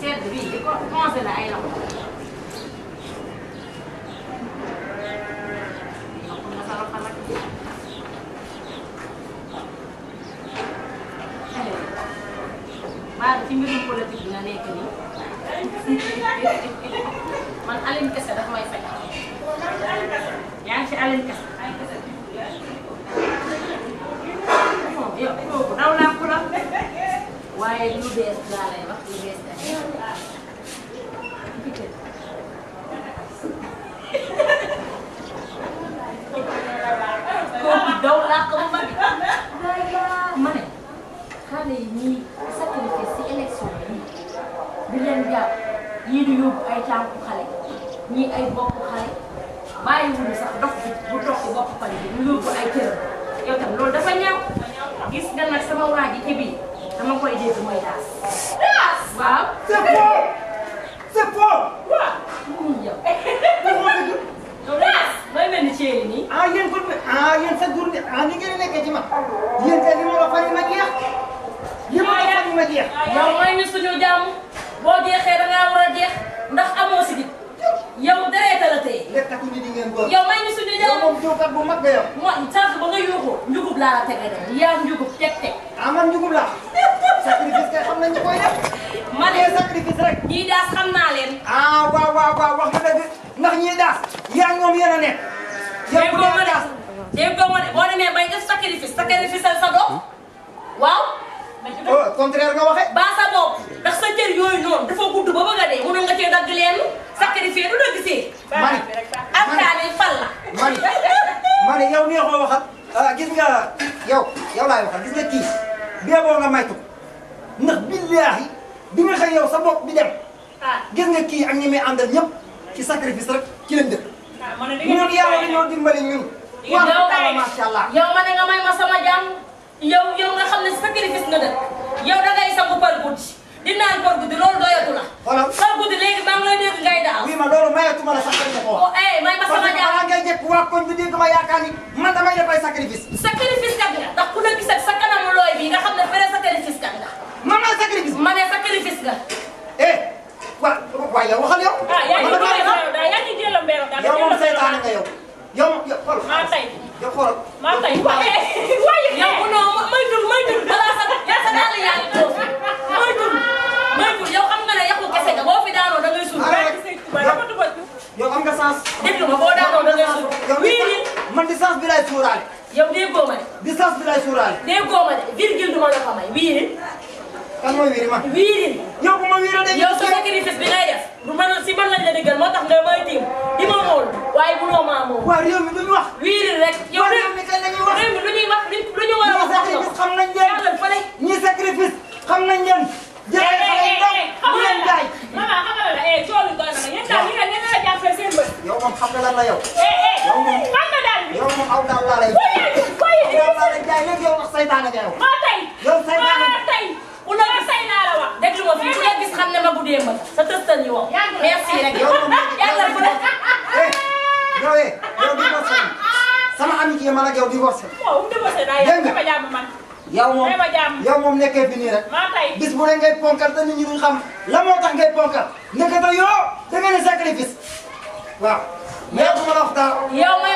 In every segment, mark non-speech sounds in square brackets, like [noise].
sedd bii di ko congelé ay la ko. waaw ci mbirum politique bi nga nekk nii man Aline Kese dafa may faj. yaa ngi ci Aline Kese. yow kooku daw naa ko waaye lu bees laa lay ñuy sacrifice ci élection bi leen jàpp ñii di yóbbu ay tànku xale ñii ay boppu xale bàyyiwuñu sax dox bi bu dox ci boppu xale bi mu yóbbu ay këram yow tam loolu dafa ñaaw gis nga sama waa ji ci dama koy dégg mooy daas daas waaw na jeex. yow mooy ñu suñu jàmm boo jeexee da ngaa war a jeex ndax amoo si nit yow dereeta la tey. lépp takku ñu di ngeen góor. yow mooy ñu suñu jàmm moom jiwkat bu mag nga yow. mooy sànq ba nga yuuxoo njugub laa la tege de yaa njugub teg teg. ah man njugub laa. sacrifice kay xam nañ ñu koy def. [laughs] ma ne sacrifice rek. ñii daas xam naa leen. ah waaw waaw waaw wax nga dëgg ndax ñii daas yaa ñoom yéen a nekk. yow bu dee daas dégg nga ma de boo demee bay def sacrifice sacrifice sa doom waaw. contraire nga waxe eh? ba sa bop ndax sa cër yoy non dafa gudd ba baga de mënon nga ci dag sacrifier du deug ci man ak tane fal la man man yow neexo waxat ah, gis nga yow yow lay waxal kan. gis nga ki bebo nga maytu ndax billahi bi nga xey yow sa bop bi dem gis nga ki ak ñi may andal ñep ci sacrifice rek ci leen def ñun yalla dañu dimbali ñun wa ma sha Allah yow mané nga may ma sama jam yow yow nga xamné sacrifice nga def yow da ngay sangu par guddi di naan par guddi loolu doyatu la. xoolal par guddi léegi maa ngi lay dégg ngay daaw. oui ma loolu mayatuma la sax nga ko wax. Oh, eh may ma sama jaaw ngay jëkk waa koñ bi dégg ma yaakaar ni man damay def ay sacrifice. sacrifice kat nga ndax ku la gis ak sa kanamu looy bi nga xam ne vrai sacrifice kat nga. man ma sacrifice. ma ne sacrifice nga. eh wa waaye yow waxal yow. ah yaa ngi jëloon yow daa yaa ngi jëloon mbéy mi. yow moom seytaane nga yow. yow yow xool maa tey. yow xool maa tey waaye. [laughs] waaye yow non may dul may dul man distance bi lay suuraale. yow déggoo ma de. distance bi lay suuraale. déggoo ma de virgule du ma la ko may wiiri. kan mooy wiiri man wiiri. yow bu ma wiiroo de. yow sa sacrifice bi ngay def. du man si man lañ la déggal moo tax nga may tiim di ma mool waaye mënoo maa mool. waaw réew mi duñu wax. wiiri rek. aw daaw laa lay. aw daaw laa lay jaay léegi yow wax saytaane nga yow. maa tey yow saytaane maa tey. ku ne la say naa la wax. déglu ma fi ku la gis xam ne ma bu dee ma sa tëstal ñu wax. merci rek yow moom yàlla bu la. yow eh yow divorce sama amitié man ak yow divorce. waaw divorce naa yow dama jàmm man. yow moom yow moom nekkee fi nii rek. maa tey bis bu ne ngay ponkal te nit ñi duñ xam la moo tax ngay ponkal. ndeketewoo da nga ne sacrifice waaw. mais bu ma la wax dara. yow may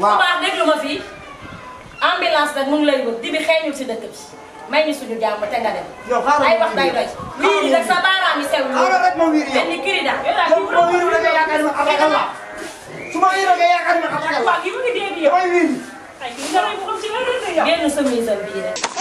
waaw baax déglu ma fii ambulance nag mu ngi lay wër dibi si bi may ñu suñu jàmm te nga dem. yow xaaral ay wax day doy. lii nag sa baaraam yi sew. xaaral rek ma wiiri yow benn kiri daal. yow ma wiiri rek nga yaakaar ma xam la. su ma wiiri rek nga yaakaar ma nga la. waaw yow li dégg yow. damay wiiri. ay kii nga lay